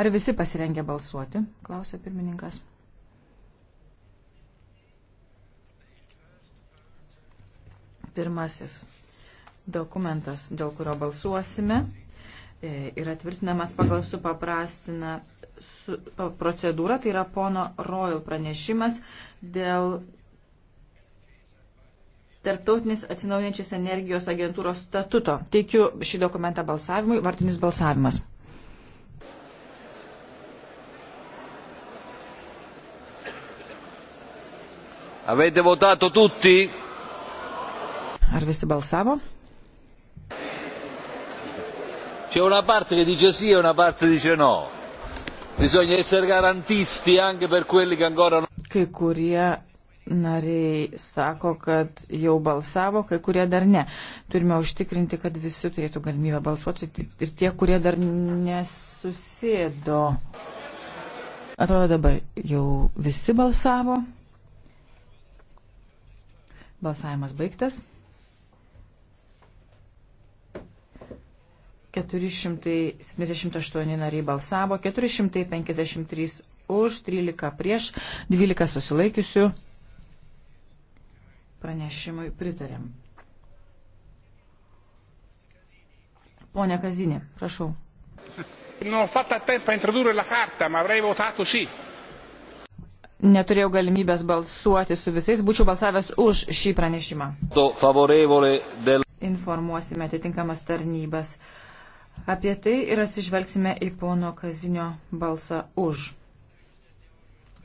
Ar visi pasirengę balsuoti? Klausė pirmininkas. Pirmasis dokumentas, dėl kurio balsuosime, e, yra tvirtinamas pagal supaprastiną su, procedūrą, tai yra pono Royal pranešimas dėl Tarptautinės atsinaujančios energijos agentūros statuto. Teikiu šį dokumentą balsavimui, vartinis balsavimas. Avete votato tutti? Ar visi balsavo? C'è una parte che dice sì e una parte dice no. Bisogna essere garantisti anche per quelli che ancora non. Kai kurie nariai sako, kad jau balsavo, kai kurie dar ne. Turime užtikrinti, kad visi turėtų galimybę balsuoti ir tie, kurie dar nesusėdo. Atrodo, dabar jau visi balsavo. Balsavimas baigtas. 478 nariai balsavo, 453 už, 13 prieš, 12 susilaikiusių. Pranešimui pritarėm. Pone Kazinė, prašau. Non ho fatto a tempo a introdurre la carta, ma avrei votato sì. Si neturėjau galimybės balsuoti su visais, būčiau balsavęs už šį pranešimą. Informuosime atitinkamas tarnybas apie tai ir atsižvelgsime į pono Kazinio balsą už.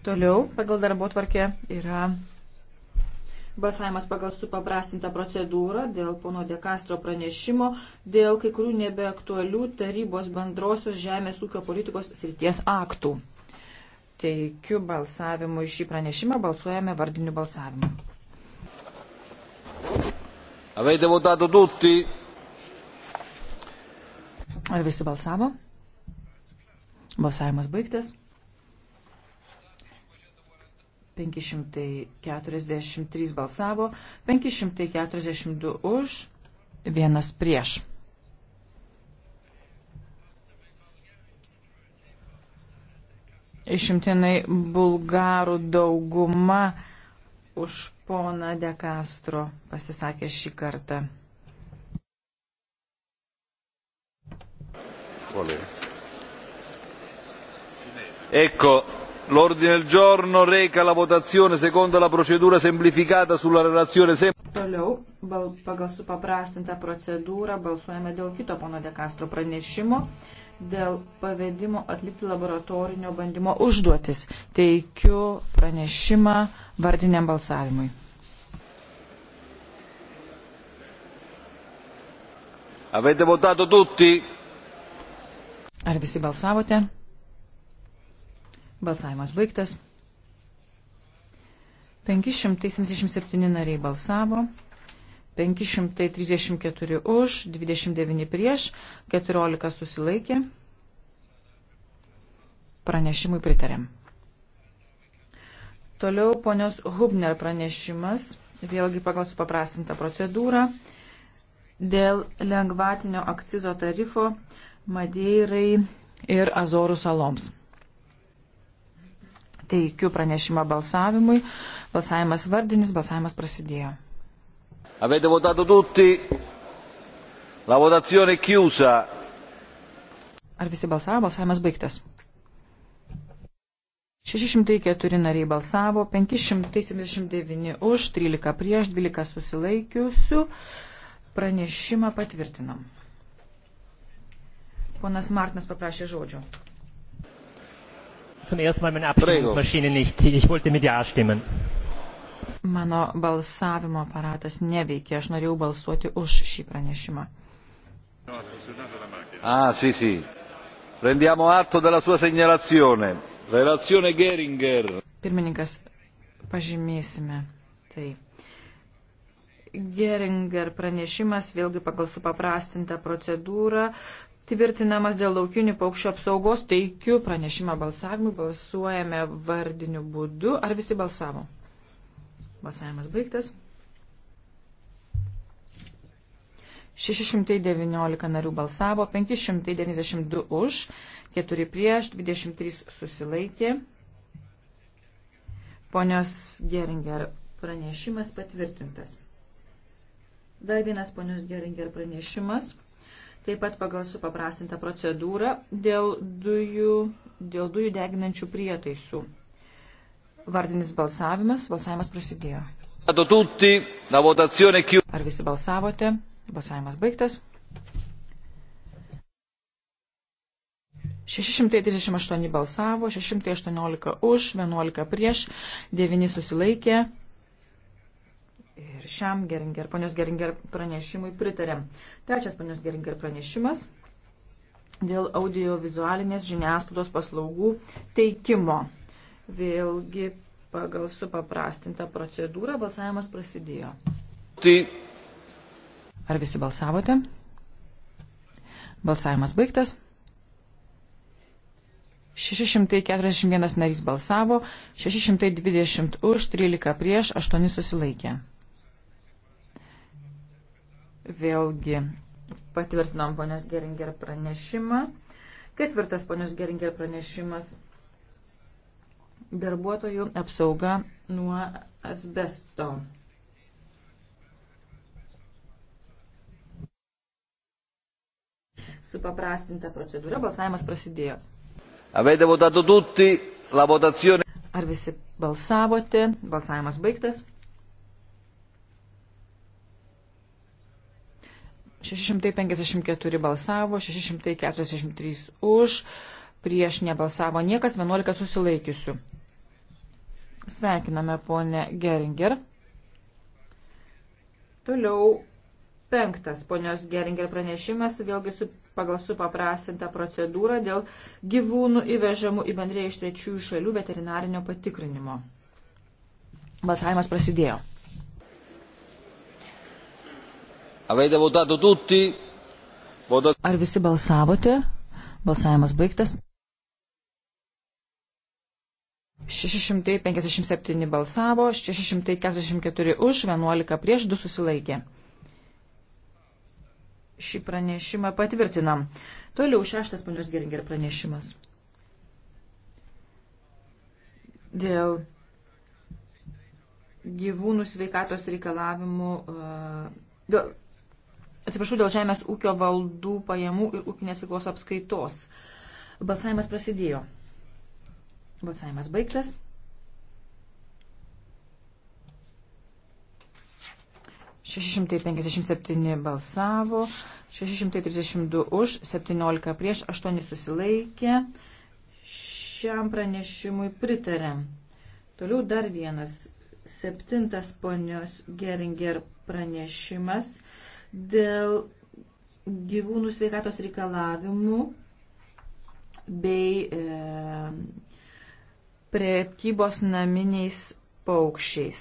Toliau pagal darbo tvarkė yra balsavimas pagal supaprastintą procedūrą dėl pono Dekastro pranešimo dėl kai kurių nebeaktualių tarybos bendrosios žemės ūkio politikos srities aktų teikiu balsavimui šį pranešimą, balsuojame vardiniu balsavimu. Avete votato tutti? Ar visi balsavo? Balsavimas baigtas. 543 balsavo, 542 už, vienas prieš. išimtinai bulgarų dauguma už poną De Castro pasisakė šį kartą. Ecco, l'ordine del giorno reca la votazione secondo la procedura semplificata sulla relazione Toliau, bal, pagal supaprastintą procedūrą, balsuojame dėl kito pono De Castro pranešimo dėl pavedimo atlikti laboratorinio bandymo užduotis. Teikiu pranešimą vardiniam balsavimui. Avete votato tutti? Ar visi balsavote? Balsavimas baigtas. 577 nariai balsavo. 534 už, 29 prieš, 14 susilaikė. Pranešimui pritarėm. Toliau ponios Hubner pranešimas, vėlgi pagal supaprastintą procedūrą, dėl lengvatinio akcizo tarifo Madeirai ir Azorų saloms. Teikiu pranešimą balsavimui. Balsavimas vardinis, balsavimas prasidėjo. Avete votato tutti? La votazione è chiusa. Ar visi balsavo? Balsavimas baigtas. 604 nariai balsavo, 579 už, 13 prieš, 12 susilaikiusių. Pranešimą patvirtinam. Ponas Martinas paprašė žodžio. Zum ersten Mal meine Abstimmungsmaschine nicht. Ich wollte mit Ja stimmen. Mano balsavimo aparatas neveikia, aš norėjau balsuoti už šį pranešimą. Ah, sì, sì. Prendiamo atto della sua segnalazione. Relazione Geringer. Pirmininkas, pažymėsime tai. Geringer pranešimas vėlgi pagal supaprastintą procedūrą tvirtinamas dėl laukinių paukščių apsaugos. Teikiu pranešimą balsavimui, balsuojame vardiniu būdu. Ar visi balsavo? Balsavimas baigtas. 619 narių balsavo, 592 už, 4 prieš, 23 susilaikė. Ponios Geringer pranešimas patvirtintas. Dar vienas ponios Geringer pranešimas. Taip pat pagal supaprastintą procedūrą dėl dujų, dėl dujų deginančių prietaisų. Vardinis balsavimas. Balsavimas prasidėjo. Ar visi balsavote? Balsavimas baigtas. 638 balsavo, 618 už, 11 prieš, 9 susilaikė. Ir šiam Geringer, ponios Geringer pranešimui pritarėm. Trečias ponios Geringer pranešimas dėl audiovizualinės žiniasklaidos paslaugų teikimo. Vėlgi pagal supaprastintą procedūrą balsavimas prasidėjo. Tai. Ar visi balsavote? Balsavimas baigtas. 641 narys balsavo, 620 už, 13 prieš, 8 susilaikė. Vėlgi patvirtinom ponios Geringer pranešimą. Ketvirtas ponios Geringer pranešimas Darbuotojų apsauga nuo asbesto. Supaprastinta procedūra, balsavimas prasidėjo. Avete votato tutti, la votazione. Ar visi balsavote? Balsavimas baigtas. 654 balsavo, 643 už, prieš nebalsavo niekas, 11 susilaikiusių. Sveikiname ponę Geringer. Toliau penktas ponios Geringer pranešimas, vėlgi su, pagal supaprastintą procedūrą dėl gyvūnų įvežamų į bendrėje iš trečiųjų šalių veterinarinio patikrinimo. Balsavimas prasidėjo. Ar visi balsavote? Balsavimas baigtas. 657 balsavo, 644 už, 11 prieš, 2 susilaikė. Šį pranešimą patvirtinam. Toliau šeštas ponios Geringer pranešimas. Dėl gyvūnų sveikatos reikalavimų, e, dėl, atsiprašau, dėl žemės ūkio valdų pajamų ir ūkinės veiklos apskaitos. Balsavimas prasidėjo. Balsavimas baigtas. Šešišimtai penkiasdešimt septyni balsavo, šešišimtai trisdešimt du už, septyniolika prieš, aštuoni susilaikė. Šiam pranešimui pritarėm. Toliau dar vienas septintas ponios Geringer pranešimas dėl gyvūnų sveikatos reikalavimų bei e, priekybos naminiais paukščiais.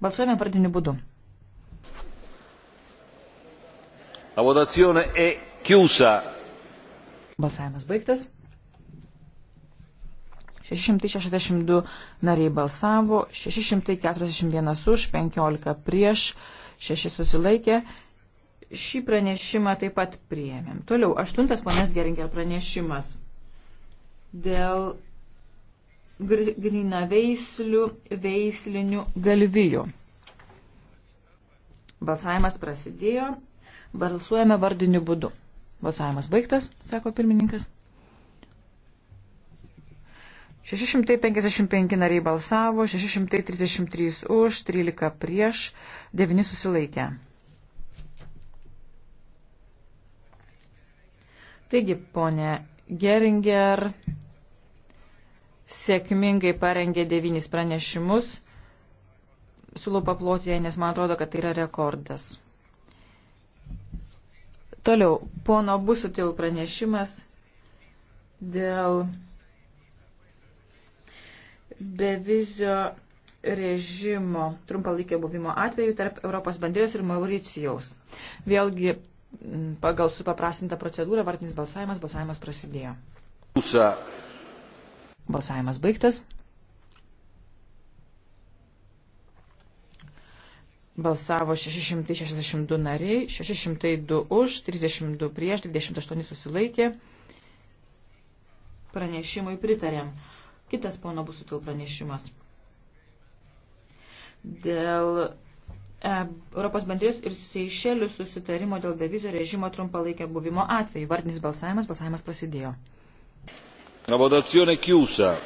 Balsuojame pradiniu būdu. La votazione è chiusa. Balsavimas baigtas. 662 nariai balsavo, 641 už, 15 prieš, 6 susilaikė. Šį pranešimą taip pat priėmėm. Toliau, aštuntas ponės Geringer pranešimas dėl grinaveislių veislinių galvijų. Balsavimas prasidėjo, balsuojame vardiniu būdu. Balsavimas baigtas, sako pirmininkas. 655 nariai balsavo, 633 už, 13 prieš, 9 susilaikė. Taigi, ponė Geringer, sėkmingai parengė devynis pranešimus. Siūlau paploti jai, nes man atrodo, kad tai yra rekordas. Toliau, pono Busutil pranešimas dėl bevizio režimo trumpalaikio buvimo atveju tarp Europos bandėjos ir Mauricijaus. Vėlgi, pagal supaprastintą procedūrą, vartinis balsavimas, balsavimas prasidėjo. Usa. Balsavimas baigtas. Balsavo 662 nariai, 602 už, 32 prieš, 28 susilaikė. Pranešimui pritarėm. Kitas pono Busutil pranešimas. Dėl e, Europos bendrijos ir Seišelių susitarimo dėl bevizio režimo trumpalaikio buvimo atveju. Vardinis balsavimas, balsavimas prasidėjo. La votazione è chiusa.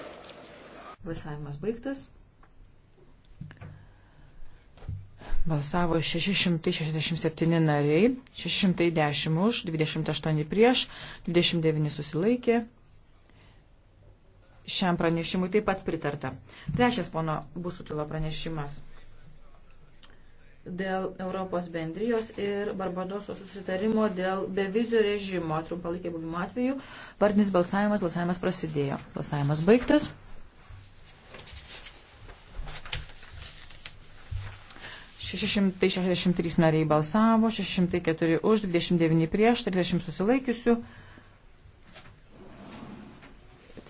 Balsavimas baigtas. Balsavo 667 nariai, 610 už, 28 prieš, 29 susilaikė. Šiam pranešimui taip pat pritarta. Trečias pono Busutilo pranešimas dėl Europos bendrijos ir Barbadoso susitarimo dėl bevizio režimo trumpalaikio buvimo atveju. Partinis balsavimas, balsavimas prasidėjo. Balsavimas baigtas. Šešišimtai šešiasdešimt trys nariai balsavo, šešišimtai keturi už, dvidešimt devyni prieš, trisdešimt susilaikiusių.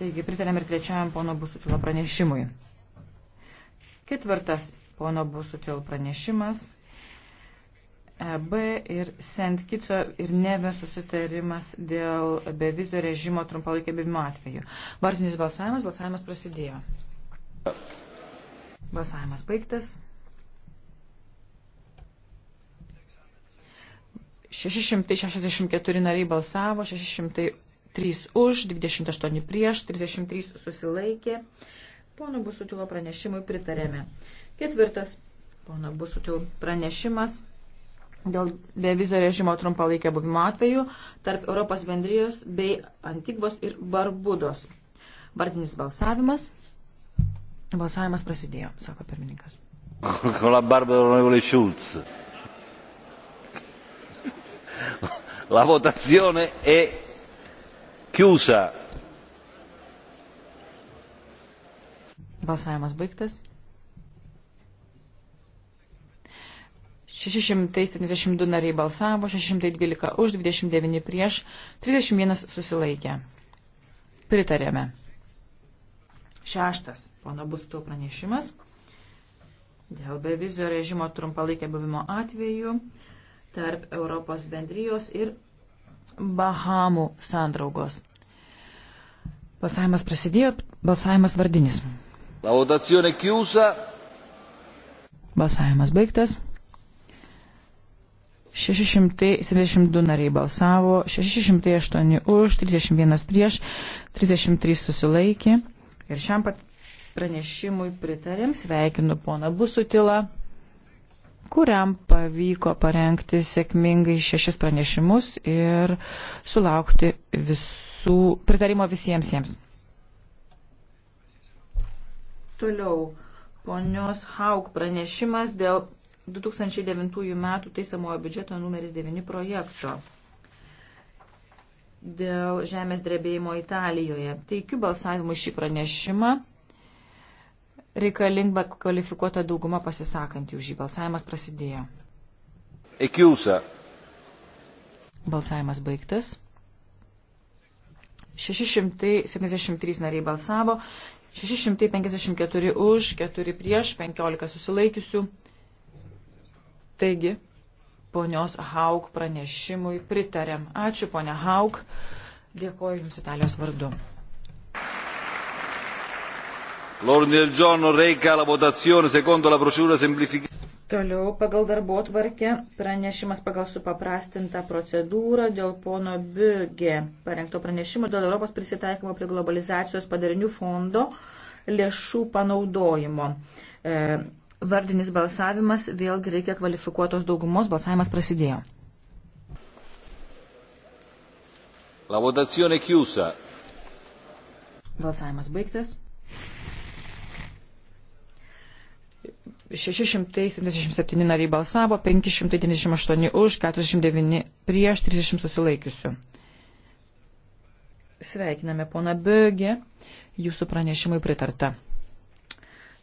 Taigi pritarėm ir trečiajam pono Busutilo pranešimui. Ketvirtas pono Busutil pranešimas. EB ir Sentkico ir Neve susitarimas dėl bevizio režimo trumpalaikio bėgimo atveju. Vartinis balsavimas, balsavimas prasidėjo. Balsavimas baigtas. 664 nariai balsavo, 603 už, 28 prieš, 33 susilaikė. Pono Busutilo pranešimui pritarėme. Ketvirtas, pono Busutil, pranešimas dėl bevizio režimo trumpalaikio buvimo atveju tarp Europos bendrijos bei Antigvos ir Barbudos. Vardinis balsavimas. Balsavimas prasidėjo, sako pirmininkas. Con la barba dell'onorevole Schulz. La votazione è chiusa. Balsavimas baigtas. 672 nariai balsavo, 612 už, 29 prieš, 31 susilaikė. Pritarėme. Šeštas pono Busto pranešimas. Dėl bevizio režimo trumpalaikė buvimo atveju tarp Europos bendrijos ir Bahamų sandraugos. Balsavimas prasidėjo, balsavimas vardinis. Balsavimas baigtas. 672 nariai balsavo, 608 už, 31 prieš, 33 susilaikė. Ir šiam pat pranešimui pritarėm, sveikinu poną Busutilą, kuriam pavyko parengti sėkmingai šešis pranešimus ir sulaukti visų pritarimo visiems jiems. Toliau, ponios Hauk pranešimas dėl 2009 m. taisamojo biudžeto numeris 9 projekto dėl žemės drebėjimo Italijoje. Teikiu balsavimu šį pranešimą. Reikalinga kvalifikuota dauguma pasisakant už jį. Balsavimas prasidėjo. Ekiusa. Balsavimas baigtas. 673 nariai balsavo, 654 už, 4 prieš, 15 susilaikiusių. Taigi, ponios Hauk pranešimui pritarėm. Ačiū, ponia Hauk. Dėkoju Jums Italijos vardu. L'ordine del giorno reca la votazione secondo la procedura semplificata. Toliau pagal darbo tvarkę pranešimas pagal supaprastintą procedūrą dėl pono Biugė parengto pranešimo dėl Europos prisitaikymo prie globalizacijos padarinių fondo lėšų panaudojimo. E, Vardinis balsavimas, vėlgi reikia kvalifikuotos daugumos, balsavimas prasidėjo. La votazione chiusa. Balsavimas baigtas. 677 nariai balsavo, 598 už, 49 prieš, 30 susilaikiusių. Sveikiname poną Bögė, jūsų pranešimui pritarta.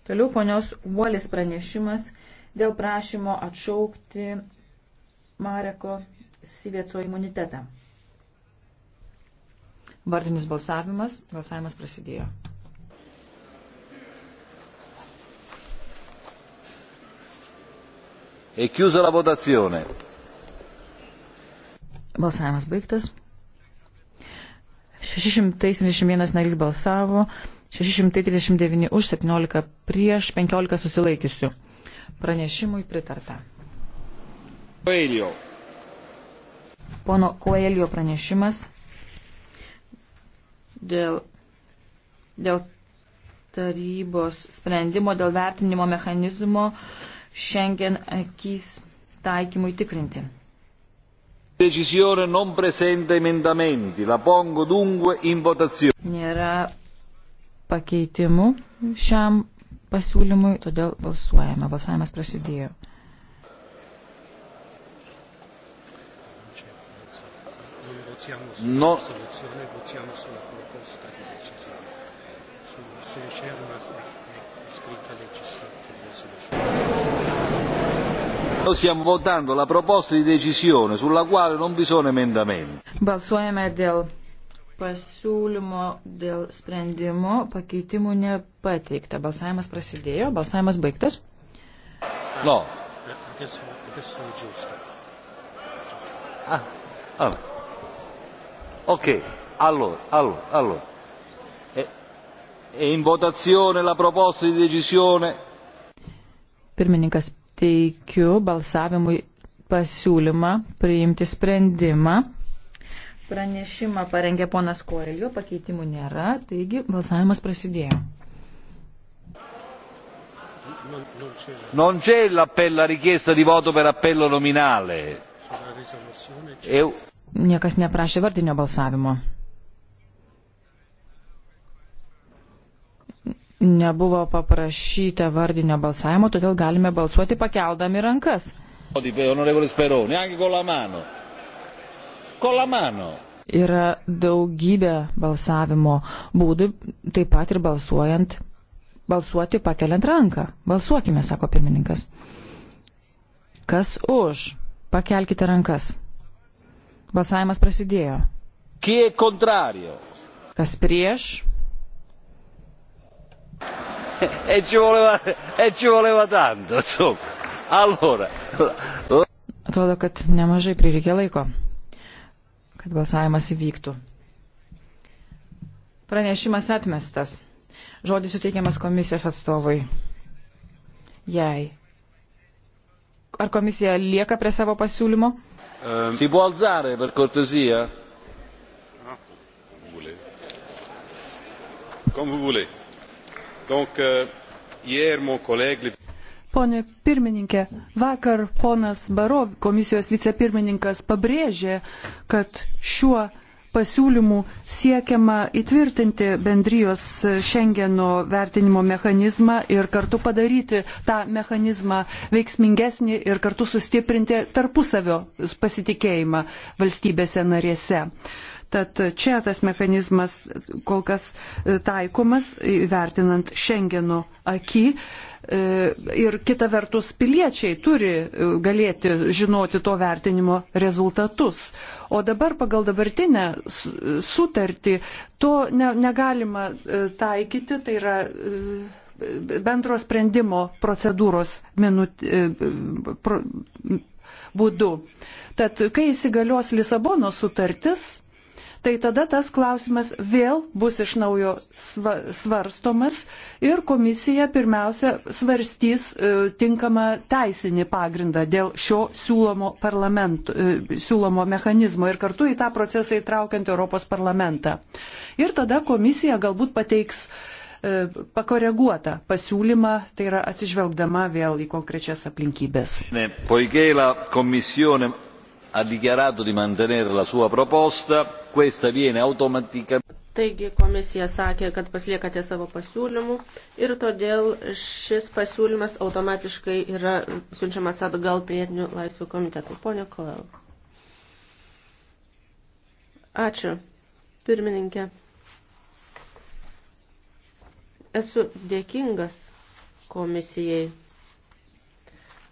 Toliau ponios Uolis pranešimas dėl prašymo atšaukti Mareko Sivieco imunitetą. Vardinis balsavimas. Balsavimas prasidėjo. E chiusa la votazione. Balsavimas baigtas. 671 narys balsavo, 639 už 17 prieš 15 susilaikiusių. Pranešimui pritarta. Koelio. Pono Koelio pranešimas dėl, dėl tarybos sprendimo, dėl vertinimo mechanizmo šiandien akys taikymui tikrinti. Decisione non presenta emendamenti, la pongo dunque in votazione. Nėra pakeitimų šiam pasiūlymui, todėl balsuojame. Balsavimas prasidėjo. No. Noi stiamo votando la proposta di decisione sulla quale non vi sono emendamenti. Balsuojame dėl Pasiūlymo dėl sprendimo pakeitimų nepateikta. Balsavimas prasidėjo, balsavimas baigtas. No. Ah, ah. Ok, allora, allora, allora. È, e, è e in votazione la proposta di decisione. Pirmininkas teikiu balsavimui pasiūlymą priimti sprendimą Pranešimą parengė ponas Koelio, pakeitimų nėra, taigi balsavimas prasidėjo. Non c'è l'appello, la richiesta di voto per appello nominale. E... Niekas neprašė vardinio balsavimo. Nebuvo paprašyta vardinio balsavimo, todėl galime balsuoti pakeldami rankas. Onorevole Speroni, anche con la mano. Yra daugybė balsavimo būdų, taip pat ir balsuojant, balsuoti pakeliant ranką. Balsuokime, sako pirmininkas. Kas už? Pakelkite rankas. Balsavimas prasidėjo. Kas prieš? e ci voleva, e ci voleva tanto, insomma. Allora. Atrodo, kad nemažai prireikė laiko kad balsavimas įvyktų. Pranešimas atmestas. Žodis suteikiamas komisijos atstovui. Jei. Ar komisija lieka prie savo pasiūlymo? Ehm. Si può alzare per cortesia? Ah, comme vous voulez. Donc, euh, hier, mon collègue... Pone pirmininkė, vakar ponas Baro, komisijos vicepirmininkas, pabrėžė, kad šiuo pasiūlymų siekiama įtvirtinti bendrijos Schengeno vertinimo mechanizmą ir kartu padaryti tą mechanizmą veiksmingesnį ir kartu sustiprinti tarpusavio pasitikėjimą valstybėse narėse. Uh, Tad čia tas mechanizmas kol kas e, taikomas, vertinant Schengeno akį. E, ir kita vertus, piliečiai turi e, galėti žinoti to vertinimo rezultatus. O dabar pagal dabartinę sutartį to ne, negalima taikyti, tai yra bendro sprendimo procedūros minut, pro, būdu. Tad kai įsigalios Lisabono sutartis, tai tada tas klausimas vėl bus iš naujo svarstomas ir komisija pirmiausia svarstys e, tinkamą teisinį pagrindą dėl šio siūlomo, e, siūlomo mechanizmo ir kartu į tą procesą įtraukiant Europos parlamentą. Ir tada komisija galbūt pateiks e, pakoreguotą pasiūlymą, tai yra atsižvelgdama vėl į konkrečias aplinkybės. Ne, ha dichiarato di mantenere la sua proposta, questa viene automaticamente. Taigi komisija sakė, kad pasliekate savo pasiūlymų ir todėl šis pasiūlymas automatiškai yra siunčiamas atgal pilietinių laisvių komitetų. Pone Koel. Ačiū, pirmininkė. Esu dėkingas komisijai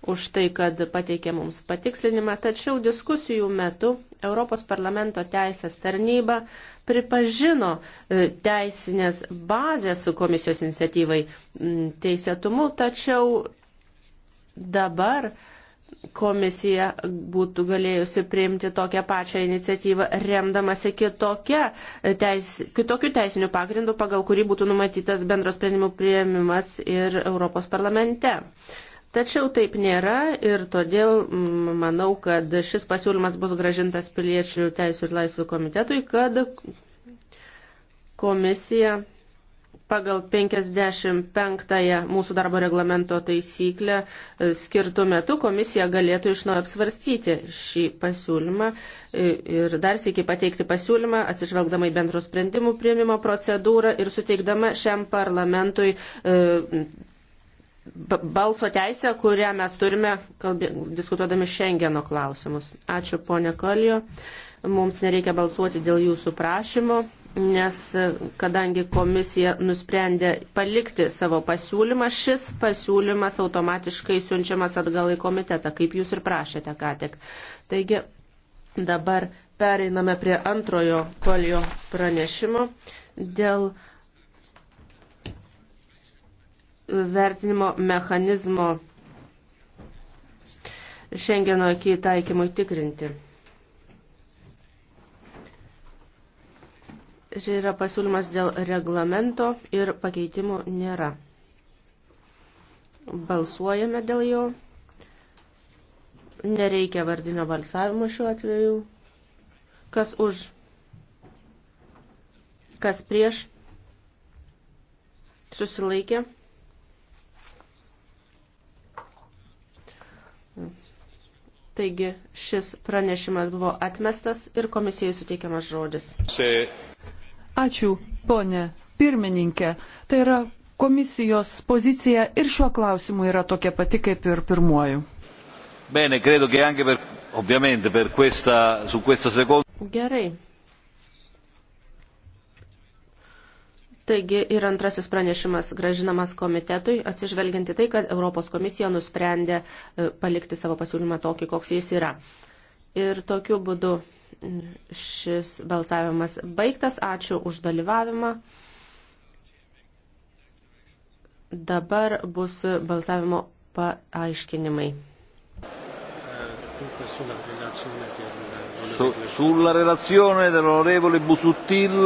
už tai, kad pateikė mums patikslinimą, tačiau diskusijų metu Europos parlamento teisės tarnyba pripažino e, teisinės bazės komisijos iniciatyvai teisėtumu, tačiau dabar komisija būtų galėjusi priimti tokią pačią iniciatyvą, remdamasi kitokia, e, teis, kitokiu teisiniu pagrindu, pagal kurį būtų numatytas bendros sprendimų prieimimas ir Europos parlamente. Tačiau taip nėra ir todėl manau, kad šis pasiūlymas bus gražintas piliečių teisų ir laisvių komitetui, kad komisija pagal 55 mūsų darbo reglamento taisyklę e, skirtų metu komisija galėtų iš naujo apsvarstyti šį pasiūlymą e, ir dar sėkiai pateikti pasiūlymą, atsižvelgdama į bendrų sprendimų prieimimo procedūrą ir suteikdama šiam parlamentui e, balso teisę, kurią mes turime kalbė, diskutuodami Šengeno klausimus. Ačiū, ponė Kolio. Mums nereikia balsuoti dėl jūsų prašymo, nes e, kadangi komisija nusprendė palikti savo pasiūlymą, šis pasiūlymas automatiškai siunčiamas atgal į komitetą, kaip jūs ir prašėte ką tik. Taigi dabar pereiname prie antrojo kolio pranešimo dėl vertinimo mechanizmo Šengeno akį taikymui tikrinti. Čia yra pasiūlymas dėl reglamento ir pakeitimų nėra. Balsuojame dėl jo. Nereikia vardinio balsavimo šiuo atveju. Kas už? Kas prieš? Susilaikė? Taigi šis pranešimas buvo atmestas ir komisijai suteikiamas žodis. Ačiū, ponė pirmininkė. Tai yra komisijos pozicija ir šiuo klausimu yra tokia pati kaip ir pirmuoju. Bene, credo che anche per, ovviamente per questa, su questa seconda. Gerai, Taigi ir antrasis pranešimas gražinamas komitetui, atsižvelgianti tai, kad Europos komisija nusprendė e, palikti savo pasiūlymą tokį, koks jis yra. Ir tokiu būdu šis balsavimas baigtas. Ačiū už dalyvavimą. Dabar bus balsavimo paaiškinimai. Sulla relazione dell'onorevole Busuttil.